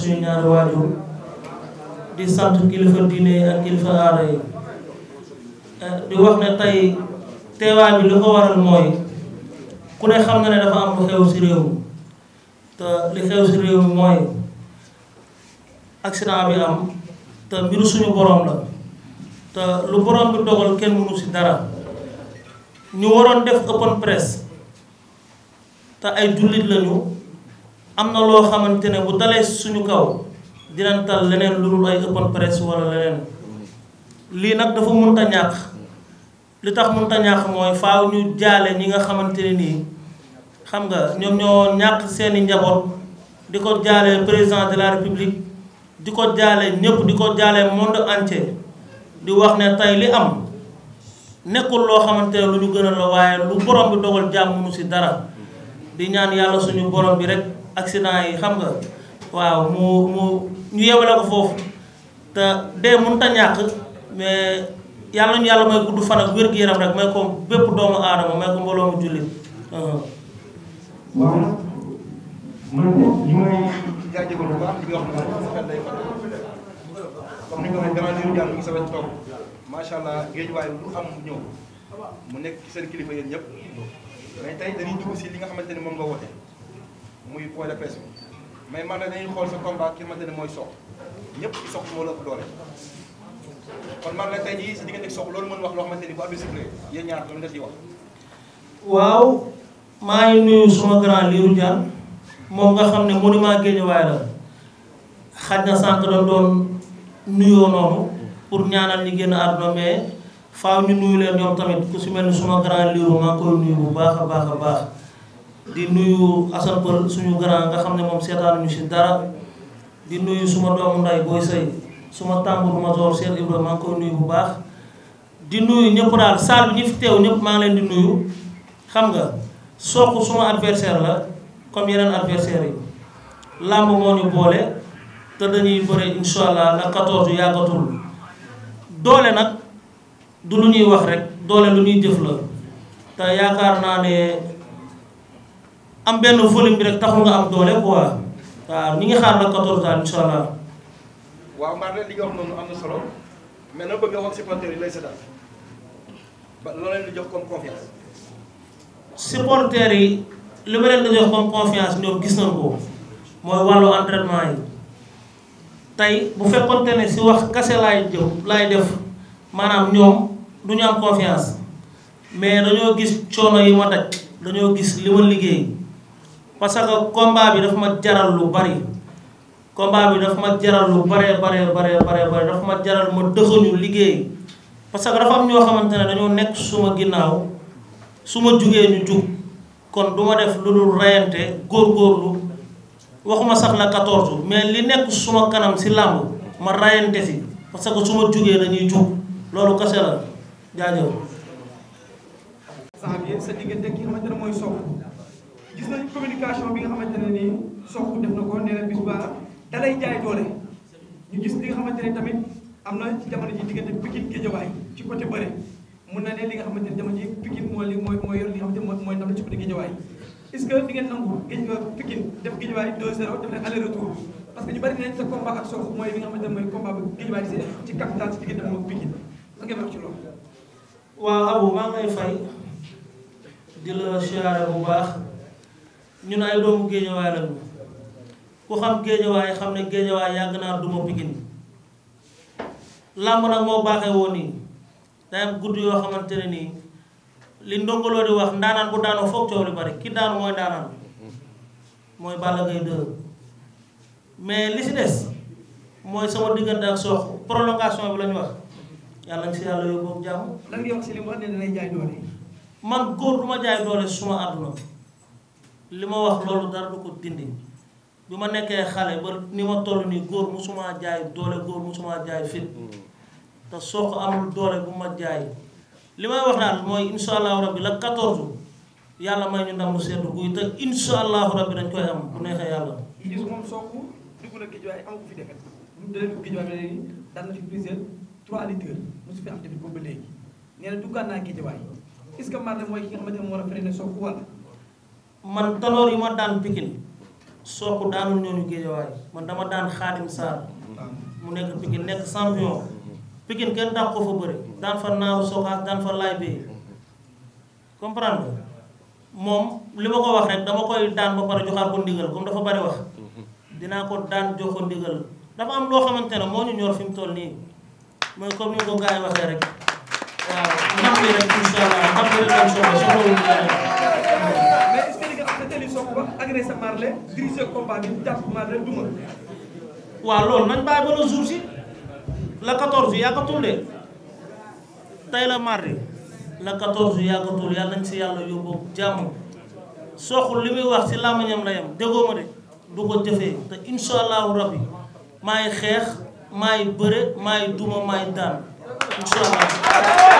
suñu ñaar waajur di sant kilifa diine yi ak kilifa aada yi eh, di wax ne tey teewaay bi li ko waral mooy ku ne xam nga ne dafa am lu xew si réew mi te li si réew mi mooy am te mbiru suñu borom la te lu borom bi dogal kenn mënu si dara ñu waroon def open press te ay jullit lañu am na loo xamante ne bu dalee suñu kaw dinañ leneen lu dul ay open presse wala leneen lii nag dafa mënta ñàkk li tax mënta ñàkk mooy faaw ñu jaale ñi nga xamante ne nii xam nga ñoom ñoo ñàkk seeni njaboot di ko jaale président de la république di ko jaale ñëpp di ko jaale monde entier di wax ne tey li am nekkul loo xamante ne lu ñu gën a waaye lu borom bi dogal jàmm nu si dara di ñaan yàlla suñu borom bi rek. accident yi xam nga waaw mu mu ñu yebale ko foofu te dee mënut a ñàkk mais yàlla ñu yàlla mooy gudd fan ak wér-gu-yaram rek may ko bépp doomu aadama may ko mbooloo mu jullit. Uh-huh. waaw man li may jaajëfal bu baax li wax moom sa xel day fàttali comme ni nga waxee gannaaw li ñu jàll ñu sa allah géej waaye lu am ñëw mu nekk ci seen kilifa yéen ñëpp mais tey dañuy si li nga xamante ni moom nga muy point de pression mais xool sa combat ki nga xamante ne mooy Sokh ñëpp si Sokh moo la ëpp man la loolu mën wax loo xamante ni bu abdoulaye Symbile yéen ñaar loolu ngi nuyu suma grand moom nga xam ne monument Guédiawaye la xaj na sànq doon doon nuyoo noonu pour ñaanal ñi génn àdduna mais faaw ñu nuyu leen ñoom tamit ku si mel ni suma grand Lirou maa koy nuyu bu baax a baax a baax. di nuyu Assane Pël suñu grand nga xam ne moom seetaanuñu si dara di nuyu suma doomu nday booy sëy suma tàmbur majoor Cheikh Ibrahima maa ngi koy nuyu bu baax di nuyu ñëpp daal saal bi ñu fi teew ñëpp maa leen di nuyu xam nga soq suma adversaire la comme yeneen adversaire yi làmb moo ñu boole te dañuy bëre incha allah la 14 yàggatul doole nag du lu ñuy wax rek doole lu ñuy jëf la te yaakaar naa ne am benn volume bi rek taxul nga am doole quoi waaw ñu ngi xaar la 14 daal waaw maa ngi li nga noonu am na solo mais na bëgg nga wax supporter loo leen di jox comme confiance. supporter yi li ma leen di jox comme confiance ñoom gis nañ ko mooy wàllu entraînement yi tey bu fekkonte ne si wax kase laay jëw laay def maanaam ñoom du am confiance mais dañoo gis coono yi ma daj dañoo gis li ma liggéey. parce que combat bi dafa ma jaral lu bari combat bi dafa ma jaral lu baree baree baree baree dafa ma jaral ma dëxuñu liggéey parce que dafa am ñoo xamante ne dañoo nekk suma ginnaaw su ma jugee ñu jug kon duma def lu dul góor góorgóorlu waxuma sax la 14 mais li nekk suma kanam si làmb ma rayante si parce que su jugee dañuy jug loolu kase la jaajëf. sa gis nañu communication bi nga xamante ne nii soxku def na ko nee na bis dalay jaay doole ñu gis li nga xamante ne tamit am na ci jamono ji diggante Pikine Géejawaay ci côté bëre mun na ne li nga xamante ne jamono ji Pikine moo li mooy mooy yor li nga xamante ne mooy ndam ci côté Géejawaay est-ce que di li nga xamante ne mooy combat bu Géejawaay si ci capital si diggante moom Pikine lan ngeen wax ci loolu waaw maa ngay fay di la bu baax ñun ay doomu géejawaay lañu ku xam géejawaay xam ne géejawaay yàgg naa duma Pikine làmb nag moo baaxee woon nii day am gudd yoo xamante ne nii li ndongoloo di wax ndaanaan bu daanoo foog coow li bari ki daan mooy ndaanaan mooy Balla Gaye 2 mais li si des mooy sama diggante ak soox prolongation bi la ñu wax yàlla si yàlla yóbbu ak jàmm. lan wax si li mu wax ne man góor du ma jaay doole suma àdduna. li ma wax loolu dara du ko dindi bi ma nekkee xale ba ni ma toll nii góor musuma jaay doole góor musuma jaay fit te soo ko amul doole bu ma jaay li may wax daal mooy insha allahu rabbi la 14 yàlla may ñu ndam seen guy te insha allahu rabbi dañ koy am bu neexee yàlla. gis moom soog dugg na Guédiawaye am ko fi defet mu dee Guédiawaye mu su fi am defet boobu léegi nee na duggaat naa Guédiawaye ne moo war a man taloo yi ma daan Pikine sooku daanul ñooñu géejawaay man dama daan Xaadim Sarr mu nekk Pikine nekk champion Pikine kenn daan ko fa bëri daan fa naaru sokaas daan fa laay bee moom li ma ko wax rek dama koy daan ba pare joxaat ko ndigal comme dafa bari wax dinaa ko daan jox ko ndigal dafa am loo xamante ne moo ñu ñor fi mu toll nii mooy comme ni ko gars waxee rek waaw ndam bi rek incha allah ndam agressé Marley waaw loolu nañ bàyyi ba le jour si la 14 yàggatul de tey la mardi la 14 yàggatul yàlla si yàlla yóbbu jàmm soxul li muy wax si làmmiñam la yam déggoo ma de du ko jëfee te insha allahu rabbi xeex maay bëre maay duma maay daan incha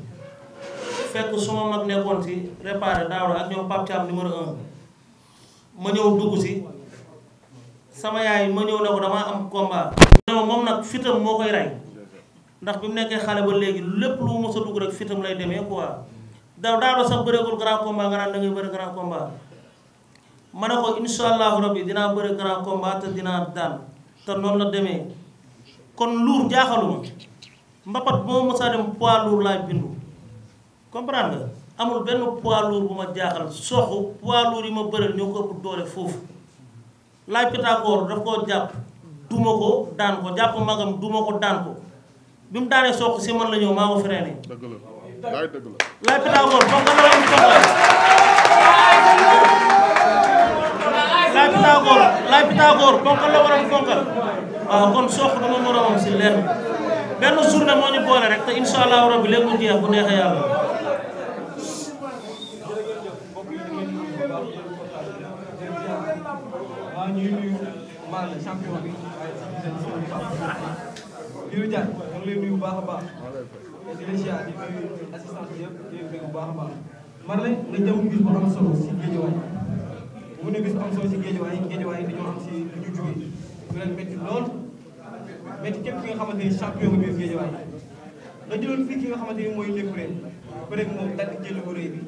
fekk su ma mag nekkoon si réparé daaw ak ñoom Pape numéro un ma ñëw dugg si sama yaay ma ñëw ne ko damaa am combat. ne ma moom nag fitam moo koy rey ndax bi mu nekkee xale ba léegi lépp lu mu mës dugg rek fitam lay demee quoi daaw daaw sax bëreegul grand combat nga naan da ngay bëri grand combat. ma dinaa bëri grand combat te dinaa daan te noonu la demee kon luur jaaxaluma mbapat moo mës dem poids luur laay bindu. comprend nga amul benn poids lourd bu ma jaaxal soxu poids lourd yi ma bëral ñoo ko ëpp doole foofu laaj Pythagore daf koo jàpp duma ko daan ko jàpp magam duma ko daan ko bi mu daanee soxu si man la ñëw waaw ah, kon soxu dama moromam si leer benn journée moo ñu boole rek te incha allahu mu jeex bu neexee yàlla. ñuy nuyu maanaam champion bi Lirou Diane ñu ngi lay nuyu bu baax a baax di la ziar di nuyu assistance yëpp di nuyu bu baax a baax Marley nga jëm bis bu am solo si géejawaay mu ne bis bu am solo si géejawaay géejawaay dañoo am si lu ñu jógee ñu leen métti lool métti képp ki nga xamante ni champion bi biir géejawaay nga jëloon fii ki nga xamante ni mooy lépp ren peut-être moom dagg jël bu rëy bi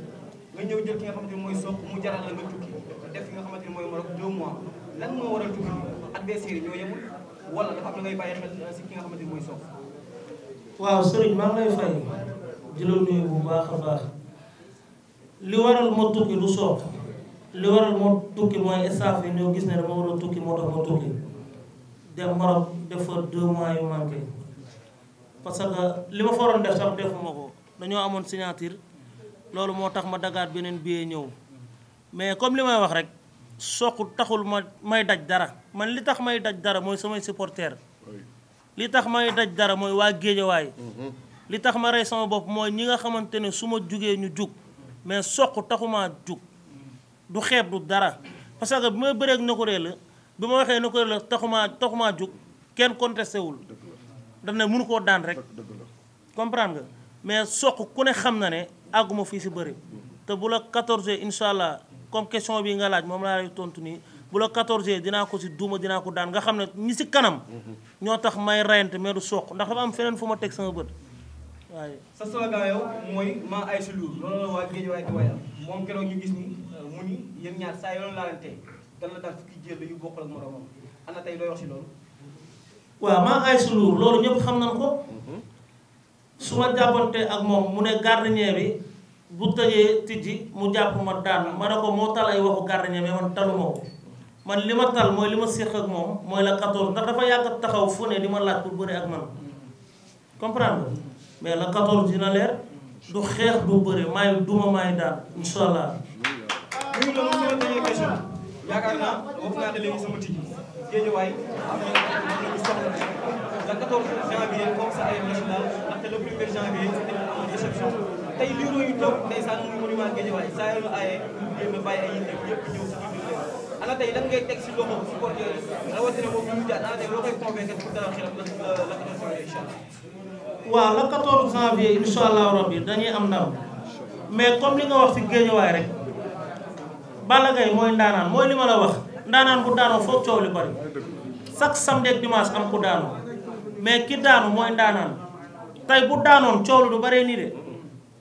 nga ñëw jël ki nga xamante mooy soq mu jaral la nga tukki def fi nga xamante ni mooy Maroc deux mois lan moo waral tukki adversaire yi ñoo yemul wala dafa am na ngay bàyyi xel euh, di la nuyu bu baax a baax li waral ma tukki lu Sokh li waral moo tukki mooy staff yi ñoo gis ne dama war a tukki moo tax ma tukki dem Maroc def fa deux mois yu manqué parce que li ma fa waroon def sax defuma ko dañoo amoon signature loolu moo tax ma dagaat beneen billet ñëw. mais comme li may wax rek soqu taxul ma may daj dara man li tax may daj dara mooy samay supporter li tax may daj dara mooy waa géejawaay mhm. li tax ma rey sama bopp mooy ñi nga xamante ne su ma jugee ñu jug mais soq taxumaa jug du xeeb du dara parce que bi may bëreek na ko réel la bi ma waxee na ko taxumaa taxumaa jug kenn contesté wul daf ne mënu koo daan rek comprendre nga mais soq ku ne xam na ne àgguma fii si bëri mhm. te bu la 14 incha comme question bi nga laaj moom laa tontu nii bu la 14 dinaa ko si duuma dinaa ko daan nga xam ne ñi si kanam. ñoo tax may rayante mais du soq ndax dafa am feneen fu ma teg sama bët waaye. sa slogan yow mooy maa ay si luur loolu la waa géej moom keroog ñu gis ni euh, mu yéen ñaar saa yoo laalante dana la daan fukki jël yu bokkul ak moromam ana tey looy wax si loolu. waaw maa ay loolu ñëpp xam nañ ko. Mhm. su ma jàppante ak moom mu ne gardien bi. bu tëjee tijji mu jàpp ma daan ma ne ko moo tal ay waxu gardien mais man taluma ko man li ma tal mooy li ma séq ak moom mooy la 14 ndax dafa yàgg taxaw fu ne di ma laaj pour bëri ak man mais la 14 dina leer du xeex du bëri maay duma maay daal incha allah. la 14 janvier comme ça ay tey liiro yu toog ndeysaan muy monument Guédiawaye dañuy am ndam mais comme li nga wax si Guédiawaye rek Balla Gaye mooy ndaanaan mooy li la wax ndaanaan bu daanoo foog coow li bari chaque samedi ak am ku daanu mais ki daanu mooy ndaanaan tey bu daanoon coow lu du bëree nii de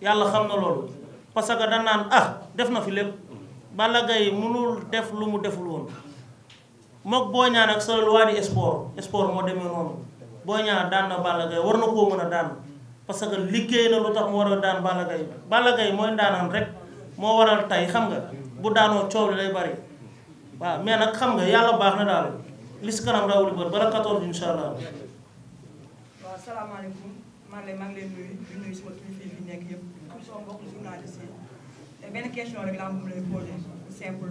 yàlla xam na loolu parce que da naan ah def na fi lépp Balla Gaye mënul def lu mu deful woon mook Boy ñaan ak solo lu waa di sport sport moo demee noonu Boy Niang daan na Balla Gaye war na koo mën a daan parce que liggéey na lu tax mu war a daan Balla Gaye Balla Gaye mooy daanaan rek moo waral tey xam nga bu daanoo coow lay bari waaw mais nag xam nga yàlla baax na daal li si kanam rawuli bër bala 14 incha allah. waaw salaamaaleykum maa ngi comme sama mbokk journaliste yi benn question rek laa moom lay posé simple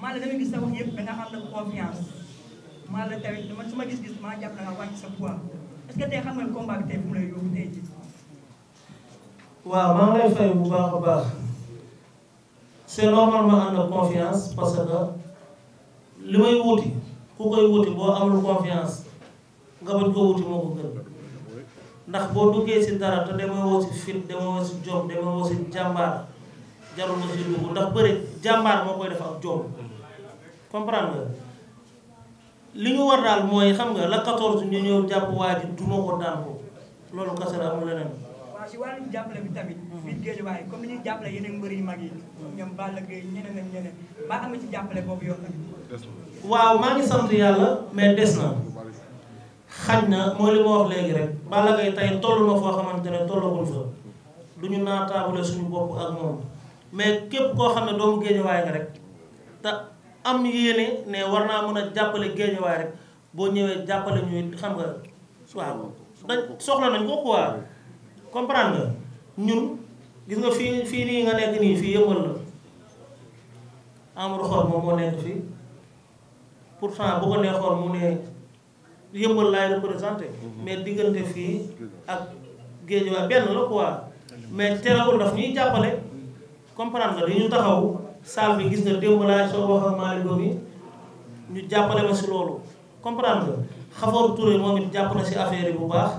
maa la dama gis sa wax yëpp da nga xam ne confiance maa la tamit man suma gis-gis maa jàpp na nga wàcc sa poids est-ce que tey xam nga combat bi tey fu mu lay yóbbu tey ji waaw maa ngi lay fay bu baax a baax c'est normal ma ànd ak confiance parce que li may wuti ku koy wuti boo amul confiance nga bañ ko wuti moo ko gën ndax boo duggee si dara te demeewoo si fit demeewoo si si jàmbaar jarul nga si dugg ndax bëri jàmbaar moo koy def ak jom comprendre li ñu war daal mooy xam nga la 14 ñu ñëw jàpp waa ji duma ko daan ko loolu kese la amul leneen. waaw si wàllu bi tamit. biir géej waaye comme ni ñuy jàppale yeneen ci jàppale boobu yoon tamit. waaw maa ngi sant yàlla mais des na. xaj na mooy li léegi rek Balla Gaye tey xamante ne tollagul fa du ñu naataabale suñu bopp képp koo xam ne doomu géejawaay nga rek te am war naa mën a jàppale géejawaay boo ñëwee jàppale ñuy xam nga waaw dañ soxla nañ ko quoi comprendre nga ñun gis nga fii fii nii nga nekk nii fii yëmbal la Amadou Xor moom moo nekk fii pourtant bu ko neexoon mu ne yëmbal laay représenté mhm. mais diggante fii ak géej waa benn la quoi mais terewul daf ñuy jàppale comprendre nga dañu taxaw saal bi gis na démb laay soo wax ak Malick bi ñu jàppale ma si loolu comprendre nga Xafoor Touré moom it jàpp na si affaire yi bu baax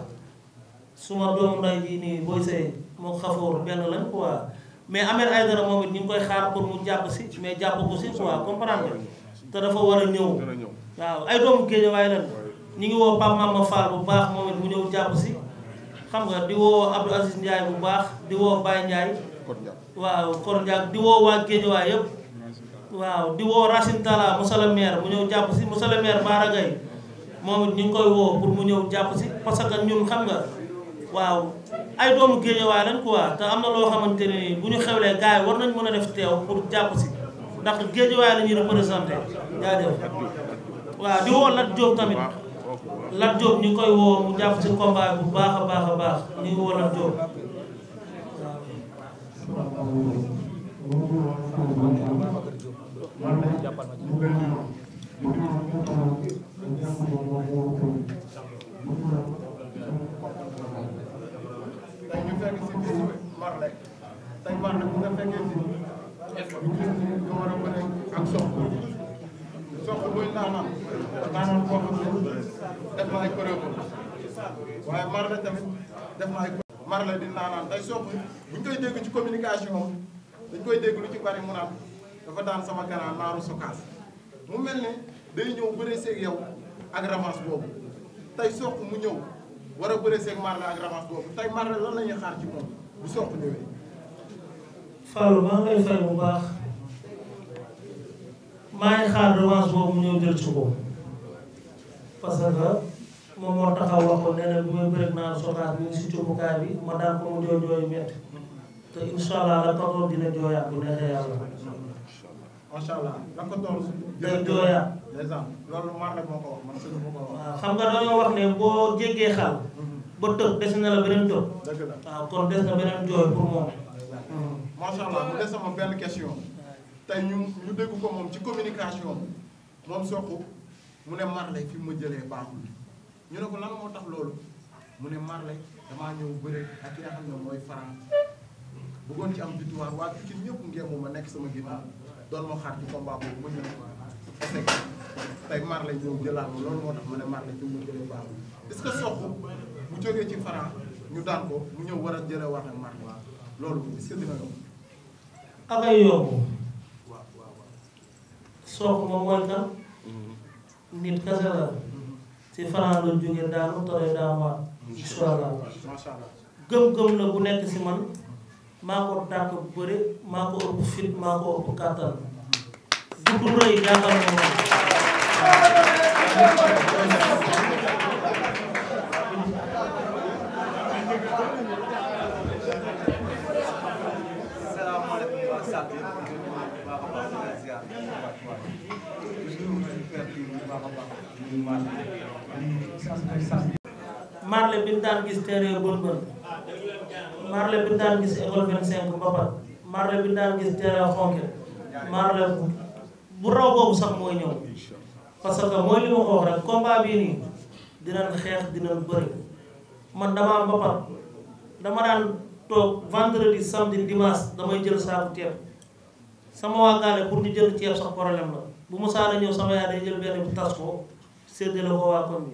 suma doomu nday ji nii booy see moo Xafoor benn lañ quoi mais Ahmed Aïdara moom it ñu koy xaar pour mu jàpp si mais jàpp ko si quoi comprendre nga te dafa war a ñëw waaw ay doomu géej lañ ñu ngi woo Pape Mama Fall bu baax moom it mu ñëw jàpp si xam nga di woo Abdou Aziz Ndiaye bu baax di woo Baye Ndiaye waaw Kor Ndiaye di woo waa Guédiawaye yëpp waaw di woo Racine Talla monsieur le maire mu ñëw jàpp si monsieur le maire Bara Gaye moom it ñu ngi koy woo pour mu ñëw jàpp si parce que ñun xam nga waaw ay doomu Guédiawaye lañ quoi te am na loo xamante ne nii bu ñu xew lee yi war nañ mën a def teew pour jàpp si ndax Guédiawaye la ñuy représenté Lat Diop ñu koy woo mu jàpp ci combat bu baax baax baax ñu woo Lat Diop soxla muy naanaan naanaan koo xam ne def na ay kuréel waaye Marley tamit def na ay kuréel Marley di naanaan day soxla bu ñu koy dégg ci communication dañ koy dégg lu ci bari mu naan dafa daan sama garaan naaru sokaas mu mel ne day ñëw bëree seeg yow ak revanche boobu tey sox mu ñëw war a bëree seeg Marley ak revanche boobu tey Marley lan la ñuy xaar ci moom bu sox ñëwee. Fallou maa ngi fay bu baax. maa ngi xaar revanche mu ñëw jël ci ko parce que moom moo taxaw wax ko nee na bu may bëreeg naa soxnaat bi si cumbukaay bi ma daan mu jooy jooy métti te incha allah la dina jooyaat bu neexee yàlla. dina jooyaat. loolu man la boo jéggee xaal. ba tëb des na la beneen tëb. dëgg la waaw na beneen jooy pour moom. macha allah mu des sama benn question. tey ñu ñu dégg ko moom ci communication moom Sokh mu ne Marley fi ma jëlee baaxul ñu ne ko lan moo tax loolu mu ne Marley damaa ñëw bëre ak ki nga xam ne mooy Franc bëggoon ci am victoire waa Pikine ñëpp ngeen ma nekk sama ginnaaw doon ma xaar ci combat boobu ma ñëw est-ce que tey Marley ñëw jëlaat ma loolu moo tax mu ne Marley fi ma jëlee baaxul est-ce que Sokh bu jógee ci Franc ñu daan ko mu ñëw war a jëlee wax ak Marley loolu est-ce que dina yomb. ak ay yomb. soox moom mooy kan nit kese la ci fanaan la jóge daanu tore daawaat incha allah gëm-gëm la bu nekk si man maa ko dàq bu bëri maa ko ëpp fit maa ko ëpp kàttan bu du rëy jàngal ma moom marle bi ñu daan gis terre bon bon marle bi ñu daan gis école 25 mbapat marle bi ñu daan gis terre xonke marle bu raw boobu sax mooy ñëw parce que mooy li ma rek combat bii nii dinañ xeex dinañ bëri man damaa mbapat dama daan toog vendredi samedi dimanche damay jël saaku teeb sama waa gaale pour ñu jël ceeb sax problème la bu Moussa la ñëw sama yaay day jël benn bu tas ko séddale ko waa kon bi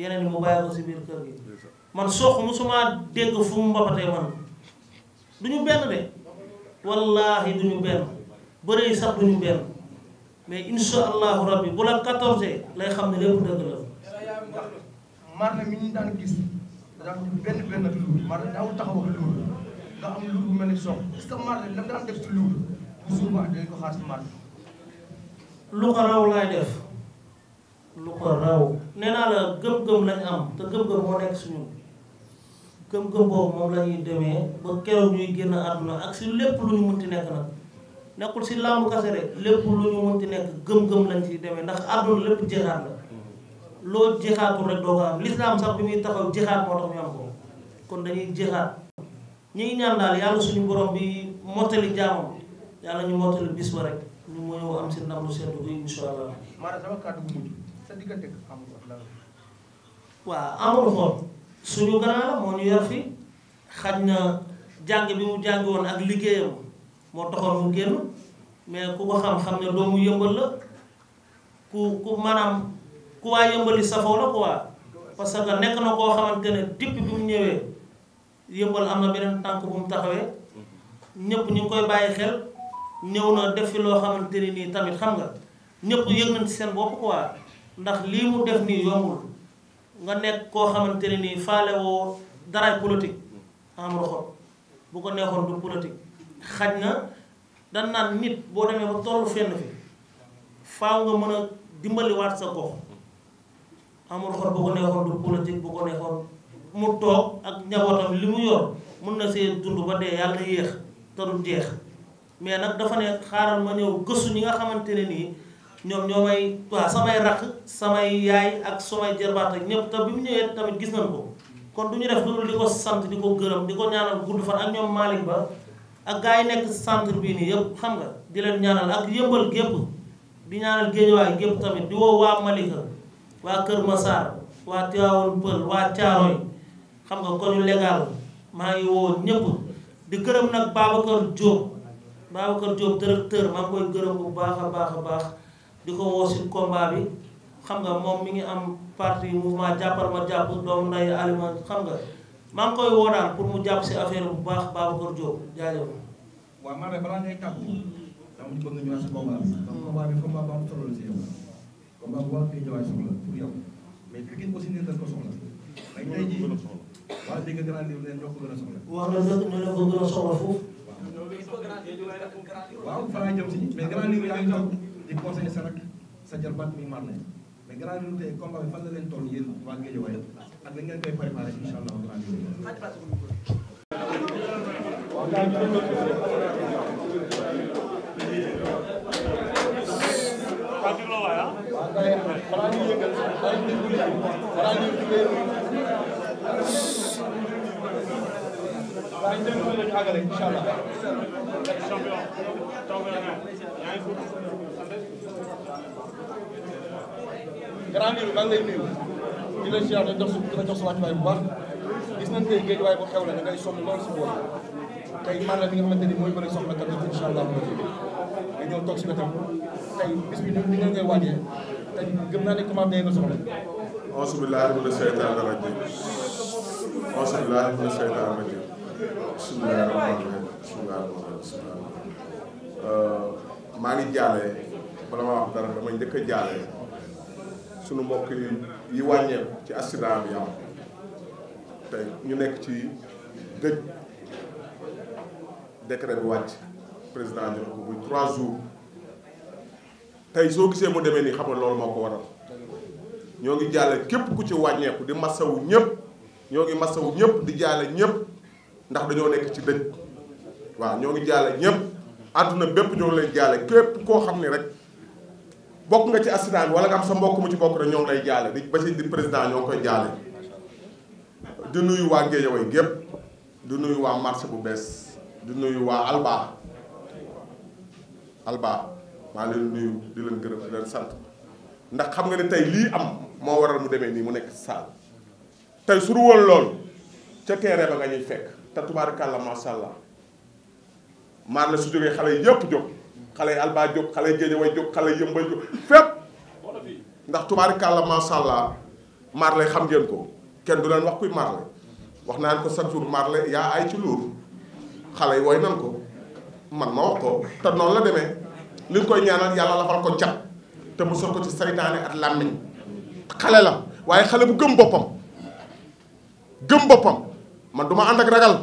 yeneen yi mu bàyyi ko si biir kër gi man sox musuma dégg fu mu mbabatee man du benn de wallaahi du benn bëre yi sax du benn mais insha allahu rabbi bu la quatorze lay xam ne lépp dëgg la mar na mi ñu daan gis daa benn benn ak luur mar na am luur bu mel ni sox est-ce que mar na daf daan def ci luur toujours ko xaar lu ko raw laay def lu ko raw nee naa la gëm-gëm lañ am te gëm-gëm moo nekk suñu gëm-gëm boobu moom la demee ba keroog ñuy génn àdduna ak si lépp lu ñu mënti nekk nag nekkul si làmb kase rek lépp lu ñu mënti nekk gëm-gëm lañ ci demee ndax àdduna lépp jeexaat la loo jeexaatul rek doo ko am lislaam sax bi muy taxaw jeexaat moo tax ñu am ko kon dañuy jeexaat ñu ñaan daal yàlla suñu borom bi mottali jaamam yàlla ñu mootali bis ba rek ñu mu ñëw am si ndam lu sedd bi incha allah. maanaam sama kàddu gu moo ñu yar fi xaj na jàng bi mu jàng woon ak liggéeyam moo taxoon mu génn mais ku ko xam-xam ne doomu yëmbal la ku ku maanaam ku waa yëmbali safoo la quoi parce que nekk na koo xamante ne dipp bi mu ñëwee yëmbal am na beneen tànk bu mu taxawee ñëpp ñu ngi koy bàyyi xel. ñëw naa def fi loo xamante ne nii tamit xam nga ñëpp yëg nañ ci seen bopp quoi ndax lii mu def nii yombul nga nekk koo xamante ne nii faale woo daraay politique amul xol bu ko neexoon du politique na dan naan nit boo demee ba tollu fenn mën dimbaliwaat sa gox bu ko neexoon du mu toog ak njabootam li mu yor mun na see dund ba dee yàlla yéex te du jeex mais nag dafa ne xaaral ma ñëw gëstu ñi nga xamante ne nii ñoom ñoo may waaw samay rakk samay yaay ak samay jarbaat ak ñëpp te bi mu ñëwee tamit gis nañ ko kon du ñu def loolu di ko sant di ko gërëm di ko ñaanal gudd fan ak ñoom Malick Ba ak gaa yi nekk centre bii nii yëpp xam nga di leen ñaanal ak yëmbal gépp di ñaanal géejawaay gépp tamit di woo waa Malika waa Kër Massar waa Tivaouane Peulh waa Thiaroy xam nga ko ñu légal maa ngi woo ñëpp di gërëm Babacar Diop directeur maa ngi koy gërëm bu baax a baax a baax di ko woo si combat bi xam nga moom mi ngi am mu mouvement jàppal ma jàpp doomu nday aliment xam nga maa ngi koy woo daal pour mu jàpp si affaire bu baax Babacar Diop jaajëf. waaw maa ngi balaa baax kii ñëwaat soxla pour yow mais Pikine aussi gën a soxla. wax na dëgg ñu ne ko gën a soxla foofu. waaw fa laa jëm si mais grand livre yaa ngi toog di conseiller sa rak sa jarbaat muy mar ne mais grand livre tey combat bi fan la leen toll yéen waa Guédiawaye ak la ngeen koy préparé incha allah grand livre grand bi maa ngi lay nuyu di la ziar jox su dina jox bu baax gis nañ tey géej waaye bu xew la da ngay sonn si bool tey man la bi nga xamante ni mooy bëri soxla kat incha allah nga ñëw toog si wetam tey bis bi ni ngeen koy waajee tey gëm naa ne commande day nga soxla. auzu bismillaahi rahmaani rahiim bismillaahi uh, maa ngi jaale bala maa wax dara damay njëkk a jaale sunu mbokk yi yi wàññeeku ci accident bi am ñu nekk ci dëj décret bi wàcc président jël ko muy trois jours tey soo gisee mu demee nii xam nga loolu moo ko waral ñoo ngi jaale képp ku ci wàññeeku di masawu ñëpp ñoo ngi masawu ñëpp di jaale ñëpp ndax dañoo nekk ci dëj waaw ñoo ngi jaale ñëpp àdduna bépp ñoo ngi lay jaale képp koo xam ne rek bokk nga ci accident bi wala nga am sa mbokk mu ci bokk rek ñoo ngi lay jaale di ba ci di président ñoo koy jaale di nuyu waa Guédiawaye gépp di nuyu waa marché bu bees di nuyu waa Alba Alba maa leen nuyu di leen gërëm di leen sant ndax xam nga ne tey lii am moo waral mu demee nii mu nekk saal tey su woon lool ca terrain ba nga ñuy fekk te tubaarakàlla macha allah maar la su jógee xale yi yëpp jóg xale yi albaa jóg xale yi géej way jóg xale yi yëmbay jóg fépp ndax allah maar lay xam ngeen ko kenn du leen wax kuy maar la wax naan ko chaque jour maar la yaa ay ci luur xale yi woy nan ko man ma wax ko te noonu la demee li nga koy ñaanal yàlla la ko cat te musal ko ci saytaane ak làmmiñ xale la waaye xale bu gëm boppam gëm boppam man duma ànd ak ragal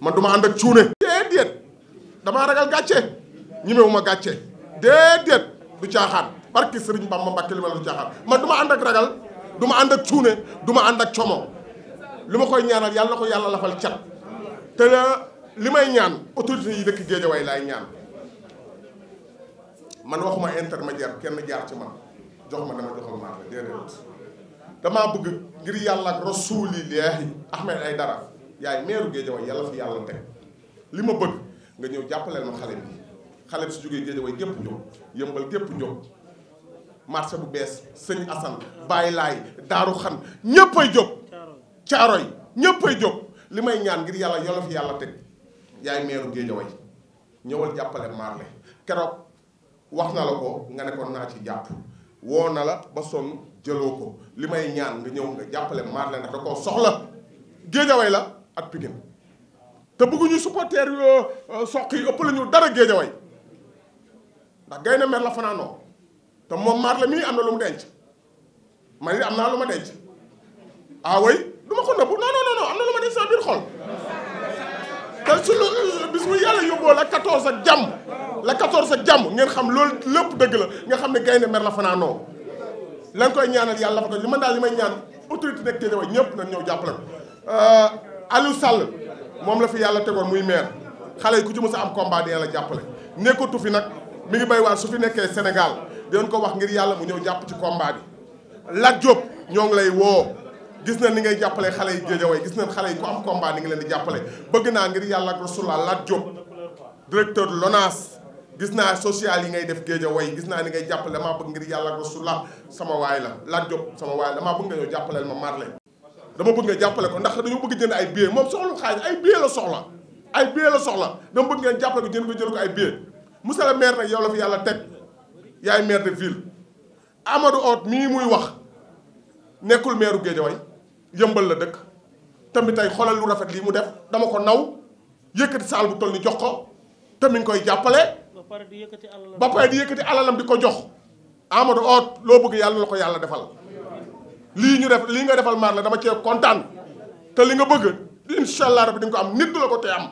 man du ma ànd ak cuune. déedéet damaa ragal gàcce ñemewu ma gàcce déedéet du caaxaan barki Sëriñ Bamba Mbàkke li ma la du caaxaan man du ma ànd ak ragal duma ànd ak cuune du ma ànd ak como li ma koy ñaanal yàlla ko yàlla lafal cat te li may ñaan autorités yi dëkk Géejawaay laay ñaan man waxuma intermédiaire kenn jaar ci man jox ma dama joxal maa la déedéet damaa bëgg ngir yàlla ak rasuulillaahi ay dara yaay meeru Géejawaay yàlla fi yàlla teg li ma bëgg nga ñëw jàppaleel ma xale bi xale bi su jógee Géejawaay gépp ñëw yëmbal gépp ñëw marché bu bees sëñ Assane bàyyi laay daaru xan ñépp ay jóg caaro yi ñépp ay jóg li may ñaan ngir yàlla yàlla fi yàlla teg yaay meeru Géejawaay ñëwal jàppale Marley keroog wax na la ko nga ne ko naa ci jàpp woo na la ba sonn jëloo ko li may ñaan nga ñëw nga jàppale Marley ndax da koo soxla Géejawaay la ak Pikine te bëgguñu supporter euh, euh, soq yi ëpp la ñu dara Géejawaay ndax gaynde mer la fanaanoo te moom Marley mii am na lu mu denc man it am naa lu ma denc ah way du ma ko nëbbu non non am na lu ma denc sama xol te su lu euh, bis bu yàlla yóbboo la 14 ak jàmm la 14 ak jàmm ngeen xam loolu lépp dëgg la nga xam ne gaynde mer la fanaanoo la nga koy ñaanal yàlla fa ko li man daal li may ñaan autorité nekk Guédiawaye ñëpp nañ ñëw jàppale ko euh, Aliou Sall moom la fi yàlla tegoon muy maire xale yi ku ci mës a am combat la jàppale nekkatu fi nag mi ngi bay waar su fi nekkee Sénégal di ko wax ngir yàlla mu ñëw jàpp ci combat bi Lat Diop ñoo ngi lay woo gis na ni ngay jàppale xale yi Guédiawaye gis nañ xale yi ku am combat ni ngi leen di jàppale bëgg naa ngir yàlla ak Rasulullah Lat Diop directeur LONASE gis naa social yi ngay def géej a way gis naa ni ngay jàppale maa bëgg ngir yàlla ko la sama waay la laaj job sama waay la maa bëgg nga ñëw jàppaleel ma Marley dama bëgg nga jàppale ko ndax dañoo bëgg jënd ay billets moom soxla xaalis ay la ay billets la soxla dama bëgg ngeen jàppale ko jënd ko ay billets monsieur le maire nag yow la fi yàlla teg yaay maire de ville Amadou Hott mii muy wax nekkul maire u Géejawaay yëmbal la dëkk tamit tey xoolal lu rafet lii mu def dama ko naw yëkkati saal bu toll ni jox ko te mi koy jàppale pare di yëkkati alalam ba pare di yëkkati alalam di ko jox Amadou Hott loo bëgg yàlla la ko yàlla defal lii ñu def lii nga defal maar la dama cee kontaan te li nga bëgg incha allah rabbi di nga ko am nit du la ko tey am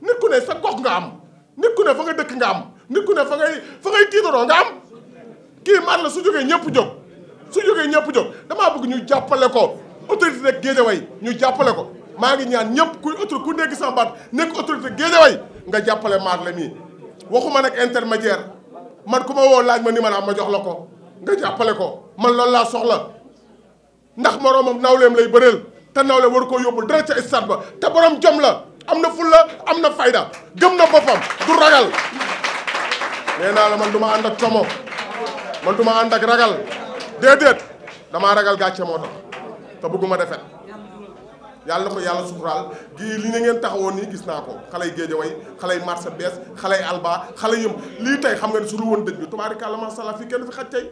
nit ku ne sa gox nga am nit ku ne fa nga dëkk nga am nit ku ne fa ngay fa ngay tiitaroo nga am kii maar su jógee ñëpp jóg su jógee ñëpp jóg damaa bëgg ñu jàppale ko autorité rek Guédiawaye ñu jàppale ko maa ngi ñaan ñëpp ku autorité ku dégg sama baat nekk autorité Guédiawaye nga jàppale maar la mii waxuma nag intermédiaire man ku ma woo laaj ma ni man numéro am ma jox la ko nga jàppale ko man loolu laa soxla ndax moroomam nawleem lay bëreel te nawle waru koo yóbbul dara ca stade ba te borom jom la am na fulla am na fayda gëm na boppam du ragal nee naa la man du ma ànd ak como man du ma ànd ak ragal déedéet damaa ragal gàcce moo tax te bëgguma defet yàlla ko yàlla suturaal gi li na ngeen taxawoon nii gis naa ko xale yu Géejawaay xale yu marché bees xale yu alba xale yëm lii tey xam nga ne su dul woon dëj bi tubaarikàlla maa sha Allah fii kenn fi xaj tey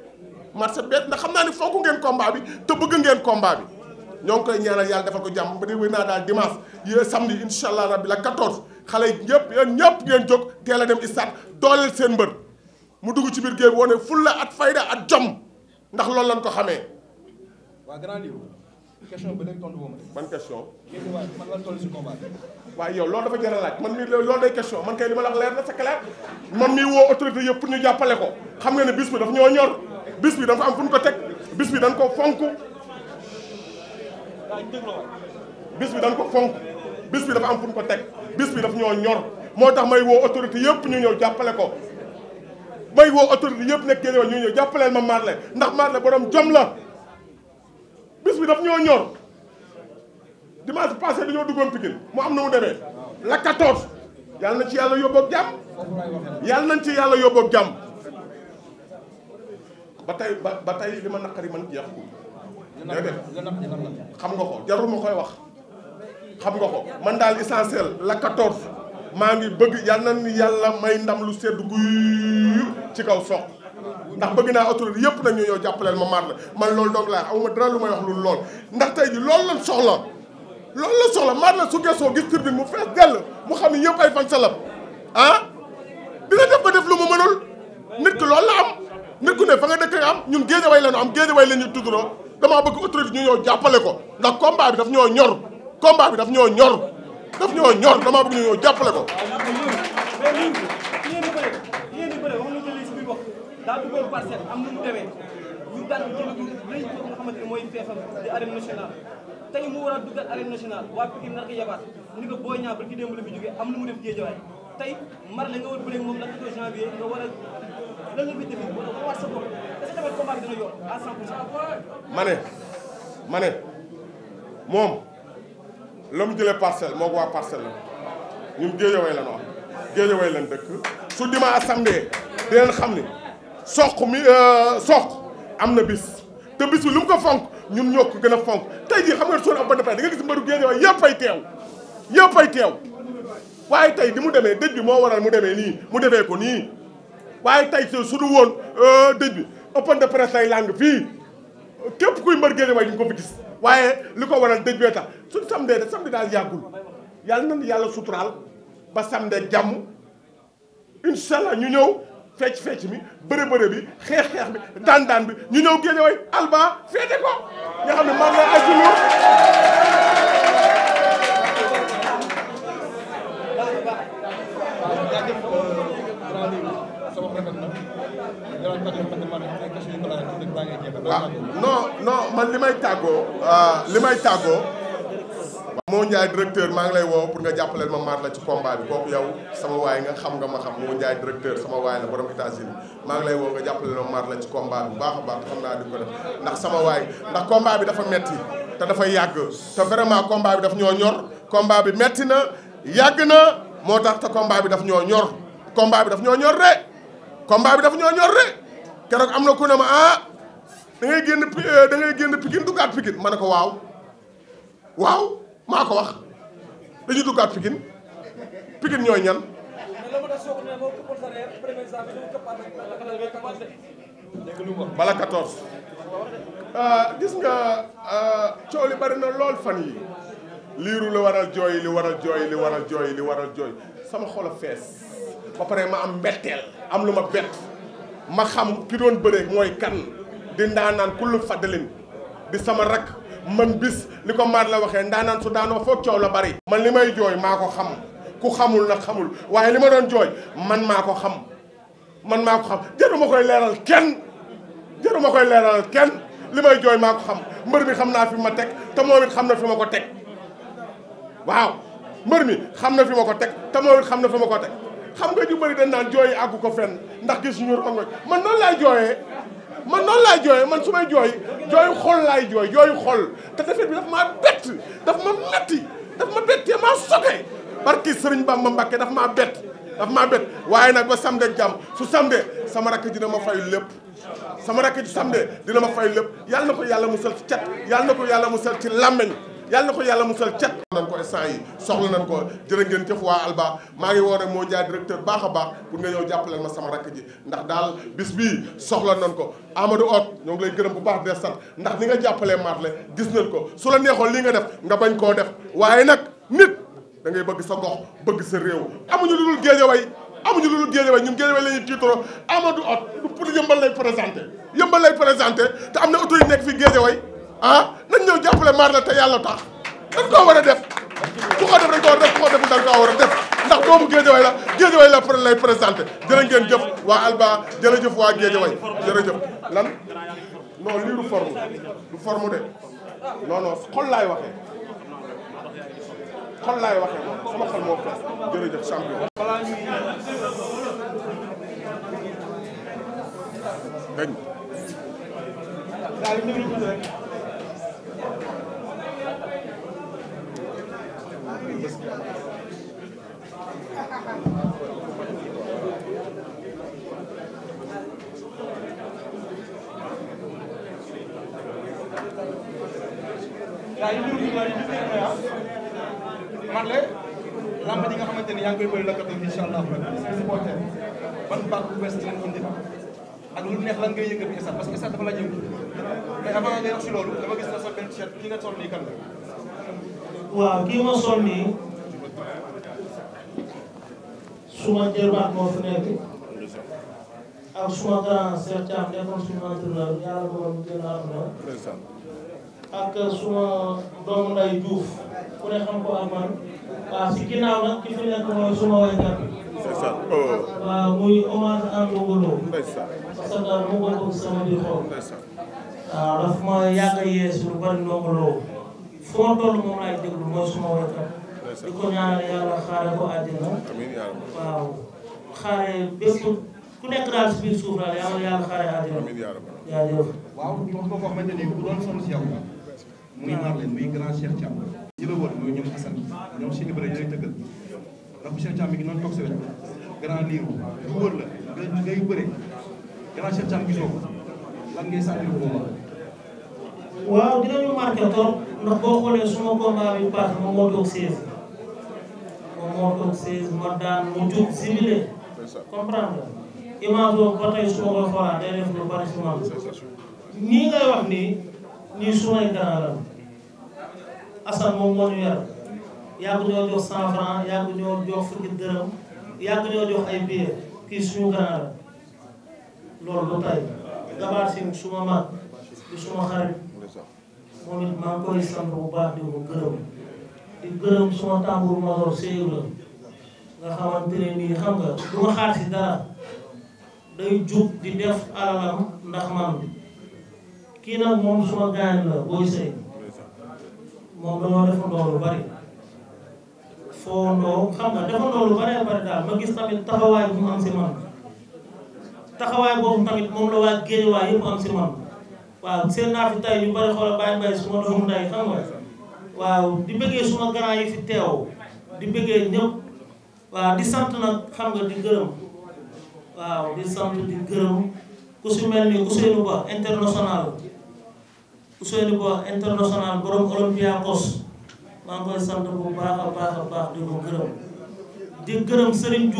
bees ndax xam naa ni fonk ngeen combat bi te bëgg ngeen combat bi ñoo ngi koy ñaanal yàlla defal ko jàmm ba dé wéy naa daal dimanche yé samedi incha allah rabbi la 14 xale yi ñëpp yéen ñëpp ngeen jóg teel a dem istaat dooleel seen mbër mu dugg ci biir géej wone fulla ak fayda at jom ndax loolu lañ ko xamee question ba léegi tontu woo de. ban question. Guédiawaye si combat bi. yow loolu dafa jar a laaj man mii loolu day question man kay li ma la wax leer na c'est clair man mii woo autorité yëpp pour ñu jàppale ko xam nga ne bis bi dafa ñoo ñor bis bi dafa am fu ko teg bis bi dañ ko fonk. bis bi dañ ko fonk bis bi dafa am fu ko teg bis bi dafa ñoo ñor moo tax may woo autorité yëpp ñu ñëw jàppale ko may woo autorité yëpp nekk Guédiawaye ñu ñëw jàppaleel ma Marley ndax Marley borom jom la. bis bi daf ñoo ñor dimanche passé dañoo duggoon Pikine mu am na mu demee la 14 yàlla na ci yàlla yóbboog jàmm yàlla nañ ci yàlla yóbboog jàmm ba tey ba ba tey li ma naqari man jeex ko déedéet xam nga ko jarul ma koy wax xam nga ko man daal essentiel la 14 maa ngi bëgg yàlla na ni yàlla may ndam lu sedd guy ci kaw soq ndax bëgg naa autorité yëpp nag ñu ñëw jàppaleel ma maar la man loolu donc laa amuma dara lu may wax lu lool ndax tey ji loolu lan soxla loolu la soxla maar na su gesoo gis tribune mu fees dell mu xam ne yëpp ay fan salam ah dina def ba def lu mu mënul nit ki lool la am nit ku ne fa nga dëkk nga am ñun géejawaay la ñu am géejawaay la ñu tuddoo damaa bëgg autorité ñu ñëw jàppale ko ndax combat bi daf ñoo ñor combat bi daf ñoo ñor daf ñoo ñor damaa bëgg ñu ñëw jàppale ko daa duggoon parcelle am na mu demee ñu daan jël ñu rëy boobu nga xamante ne mooy feefam di arène nationale tey mu war a duggal arène nationale waa Pikine nar ko yabaat mu ni ko boo ñaa ba ki démb la fi jógee am na mu def géejawaay tey mar la nga war bëre moom la 14 janvier nga war a lan nga fi defee wala war sa bopp est-ce que tamit combat bi dina yor à 100 pour cent ma ne ma ne moom la mu jëlee parcelle moo ko waa parcelle la ñun géejawaay la ñu wax géejawaay lañ dëkk su dimanche samedi di leen xam ni soq mi euh, soq am na bis te bis bi lu mu ko fonk ñun ñoo ko gën a fonk tey jii xam nga suñu am ba départ da nga gis mbaru géej waaye yëpp ay teew yëpp ay teew waaye tey di mu demee dëj bi moo waral mu demee nii mu defee ko nii waaye tey suñu woon euh, dëj bi open de presse lay làng fii képp kuy mbër géej waaye ñu ko fi gis waaye li ko waral dëj bee tax suñu samedi de samedi daal yàggul yàlla nañu yàlla suturaal ba samedi jàmm incha ñu ñëw. fecc fecc mi bëre bi xeex xeex bi daan daan bi ñu ñëw génne way alba féete ko nga xam ne man la asulu waaw man li may tàggoo li may tàggoo moo Ndiaye directeur maa ngi lay woo pour nga jàppaleel ma maar la ci combat bi kooku yow sama waay nga xam nga ma xam moo Ndiaye directeur sama waay la borom maa ngi woo nga jàppaleel ma maat la ci combat bi bu baax a baax xam naa di ko def ndax sama waay ndax combat bi dafa metti te dafa yàgg te vraiment combat bi daf ñoo ñor combat bi metti na yàgg na moo tax te combat bi daf ñoo ñor combat bi daf ñoo ñor de combat bi daf ñoo ñor de keroog am na ku ne ma ah dangay génn da ngay génn Pikine duggaat Pikine ma ne ko waaw waaw maa ko wax dañu duggaat Pikine Pikine ñooy ñan bala 14 euh, gis nga euh, coow li bari na lool fan yi liiru li waral jooy li waral jooy li waral jooy li waral jooy sama xol fees ba pare ma am mbetteel am lu ma bett ma xam ki doon bëre mooy kan di ndaanaan kullu faddalin di sama rakk man bis li ko maar la waxee ndaanaan su daanoo foog coow la bari man li may jooy maa ko xam ku xamul nag xamul waaye li ma doon jooy man maa ko xam man maa ko xam jaruma koy leeral kenn jaruma koy leeral kenn li may jooy maa ko xam mbër mi xam naa fi ma teg te moom xam na fi ma ko teg waaw mbër mi xam na fi ma ko teg te moom xam na fi ma ko xam nga ñu bëri dañ naan jooy àggu ko fenn ndax gis ñu rongoñ man noonu laay jooyee man noonu laay jooyee man su may jooy jooyu xol laay jooy jooyu xol te defet bi dafa maa bett daf ma metti daf ma bettee maa sotee barki Sëriñ Bamba Mbakke daf maa bett daf maa bett waaye nag ba samedi ak su samedi sama rakk dina ma fay lépp sama rakk ji samedi dina ma fay lépp yàlla na ko yàlla musal ci cat yàlla na ko yàlla musal ci làmmeñ yàlla na ko yàlla musal cat nan ko instant yi soxla nan ko jërë ngeen jëf waa Alba maa ngi woo rek moo jaay directeur baax a baax pour nga ñëw jàppaleel ma sama rakk ji ndax daal bis bii soxla nan ko Amadou Hott ñoo ngi lay gërëm bu baax de sant ndax ni nga jàppalee Marley gis nañ ko su la neexoon li nga def nga bañ koo def waaye nag nit da ngay bëgg sa gox bëgg sa réew amuñu lu dul Géejawaay amuñu lu dul Géejawaay ñun Géejawaay la ñuy tiitaroo Amadou Hott pour yëmbal lay présenté yëmbal lay présenté te am na auto yi nekk fii Géejawaay ah nañ ñëw jàppale maar la te yàlla tax dañ koo war a def ku ko def dañ ko war a def ku ko def dañ koo war a def ndax doomu géejawaay la géejawaay la pare lay présenté jërë jëf waa Alba jërëjëf waa géejawaay jërëjëf lan non lii du forme du forme de non xol laay waxee xol laay waxee moom sama xol moo fees jërëjëf champion dañ man de lamb ji nga xamante ni yaa ngi koy bëri lëkkaloo bi incha allah supporter ban baax bu bees ak lu neex lan ngay yëngati instant parce que instant dafa la yëngu mais avant si loolu dama gis na sol benn t-shirt ki nga sol nii kan la. waaw kii ma sol nii suma jërbaat moo fi nekk ak suma grand Cheikh Thiam nekkoon suma tribunal yàlla borom jël àdduna ak suma doomu nday Diouf ku ne xam ko ak si ginnaaw nag ki fi nekk mooy suma waykat oh. waaw muy hommage en Ndongo Lo mu ngi ko sama biir xol waaw daf ma yàgg a yees lu bari Ndongo Lo fu ma toll moom laay mooy suma waykat di ko ñaanal yàlla xaare ko àddina waaw xaare bépp ku nekk daal biir suuf daal yàlla yàlla xaare àddina jaajëf waaw ñu wax ko muy Marlène muy grand Cheikh Thiam. ñi la wër mooy ñoom Assane ñoom Cheikh Ibrahima ñooy tëggal ndax bu Cheikh grand liiru du wër la nga ngay bëre grand Cheikh Thiam gisoo ko lan ngay sentir booba. waaw dinañu marqué trop ndax boo xoolee suma combat yu paase moom moo toog 16 moom moo toog 16 ma daan mu jub similé comprendre nga image boobu ba tey su ma koy xoolaat day def lu bari nii ngay wax nii nii sumay garaanam Assane moom moo ñu yar yàgg ñoo jox cent franc yàgg ñoo jox fukki dërëm yàgg ñoo jox kii suñu grand loolu tay Gabar Singh suma mag di suma xarit moom it maa koy sant bu baax di ko gërëm di gërëm suma tambour motor séyu la nga xamante ne nii xam nga du ma day jug di def alalam ndax man kii nag moom suma gaañ la booy sëy moom dañoo defandoo lu bari foondoo xam nga defandoo lu bari daal ma taxawaay bu am si man taxawaay boobu tamit moom la waa Géejawaay am si man waaw seen naa fi tay yu bari xoolal bàyyi bàyyi suma doomu nday xam nga waaw di bëggee suma grand yi fi teew di bëggee ñëpp waaw di sant nag xam nga di gërëm waaw di sant di gërëm ku si mel ni Ousseynou Ba international Ousseynou Ba international borom Olympiakos maa ngi koy sant bu baax a baax a baax di ko gërëm di gërëm Serigne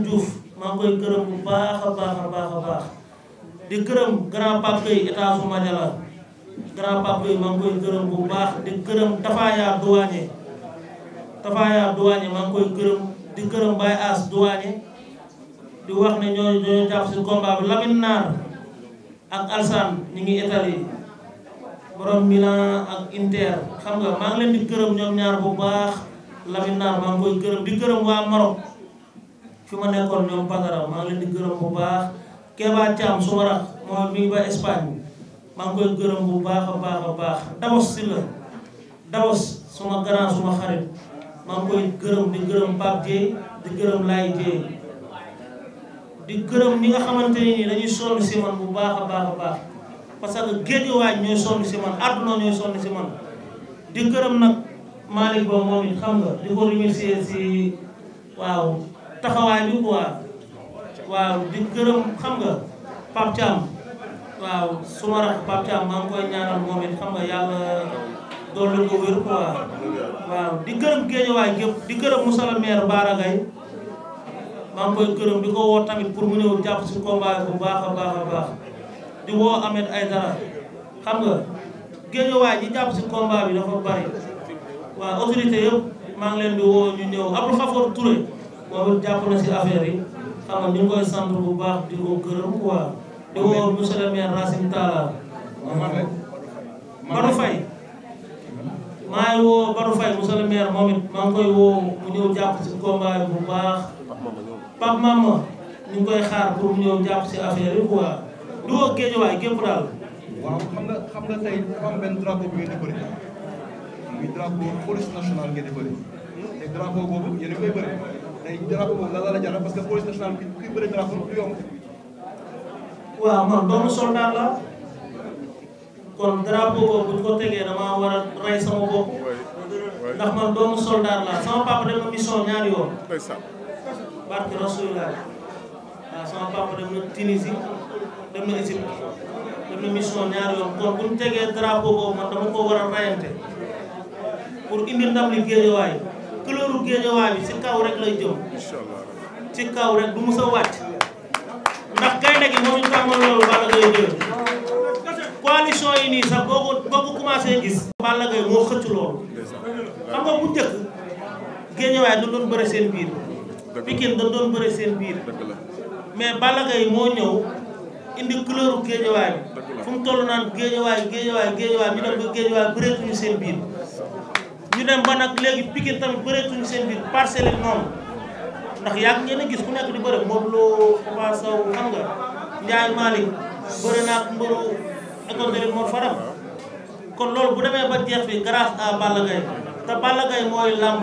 Diouf koy gërëm bu baax a baax a baax a baax di gërëm grand papa yi état su grand papa yi maa koy gërëm bu baax di gërëm Tafaya Douane Tafaya Douane maa ngi koy gërëm di gërëm Baye As Douane di wax ne ñoo ñoo jàpp si combat bi Lamine ak Alsane ñu ngi Italie borom Milan ak Inter xam nga maa ngi leen di gërëm ñoom ñaan bu baax Lamine Naar maa ngi koy gërëm di gërëm waa leen di gërëm bu baax Keba Thiam su ma rax moom mi ba Espagne maa ngi koy gërëm bu baax a baax a baax Davos si la Davos suma grand suma xarit maa ngi koy di gërëm Pape Dieye di gërëm Laye Dieye di gërëm ñi nga xamante ni dañuy sonn si man bu baax a baax a baax parce que géejuwaay ñooy sonn si man àdduna ñooy sonn si man di gërëm nag Malick Ba moom xam nga di ko remercier si waaw taxawaay bi quoi waaw di gërëm xam nga Pape waaw suma rax Pape Thiam koy ñaanal moom xam nga yàlla doolu ko wér quoi waaw di gërëm géejuwaay gépp di gërëm Moussa le maire Bara Gaye koy gërëm di ko woo tamit pour mu ñëw jàpp si combat bu baax a baax a baax di woo ay Aïdara xam nga géejawaay ji jàpp si combat bi dafa bari waaw autorité yëpp maa leen di woo ñu ñëw Abdou Khafour Touré moom jàpp na si affaire xam nga ñu koy sant bu baax di ko gërëm quoi di woo monsieur le maire Racine Talla Badou Faye maa ngi woo Badou Faye monsieur le maire moom it koy woo mu ñëw jàpp si combat bi bu baax Pape Mama ñu koy xaar pour mu ñëw jàpp si affaire yi quoi du woo géejawaay gépp daal. waaw xam nga xam nga benn drapeau bi ngeen di bëri muy drapeau police nationale ngeen di bëri te drapeau boobu yéen a koy bëri tey drapeau boobu lan la la jaral parce que police bi kuy bëri drapeau du yomb. la kon drapeau boobu buñ ko tegee damaa war a rey sama bopp ndax man doomu soldat la sama papa dem na mission ñaari yoon. barke Rasulullah waaw sama papa dem na Tunisie. dem na Égypte dem na mission ñaari yoon kon bu ñu tegee drapeau man dama ko war a rayante pour indi ndam li géejawaay couleuru géejawaay bi ci kaw rek lay jëm ci kaw rek du mës a wàcc ndax gaynde gi mënuñ tàmmal loolu Balla Gaye jël coalition yi nii sax boo ko boo ko commencé gis Balla Gaye moo xëcc loolu xam nga bu njëkk géejawaay da doon bëre seen biir Pikine da doon bëre seen biir mais Balla Gaye moo ñëw indi couleur géejawaay bi fu mu toll naan géejawaay géejawaay géejawaay ñu dem ba géejawaay bëreetuñu seen biir ñu dem ba nag léegi Pikine tamit bëreetuñu seen biir parcelle yi noonu ndax yàgg ngeen a gis ku nekk di bëre Modou Lo Papa Sow xam nga Ndiaye Malick bëre naa ak mbëru école de Mor Faram kon loolu bu demee ba jeex bi grâce à Balla Gaye te Balla mooy làmb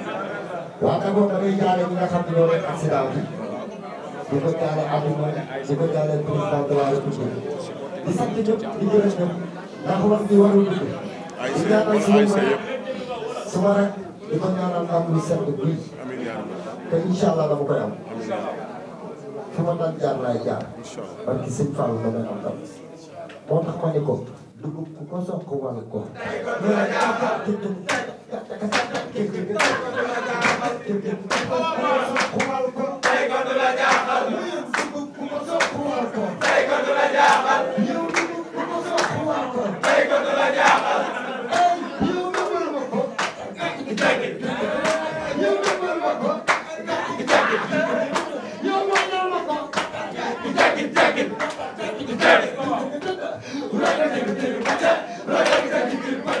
waaw d'abord damay jaale ñi nga xam ne ñoo def accident bi di ko jaale àdduna di ko jaale président de la république di sant ñëpp di gërëm ñëpp ndax wax ji warul dugg di ñaanal suma rek di ko ñaanal ndam lu sedd bi te incha allah dama koy am fu ma daan jaar laay jaar barki sëñ Fall la may am ndam tax ma ne ko dugub ku ko soog ko wàllu ko. Bırak da gibi bir paça, bırak da gibi bir paça.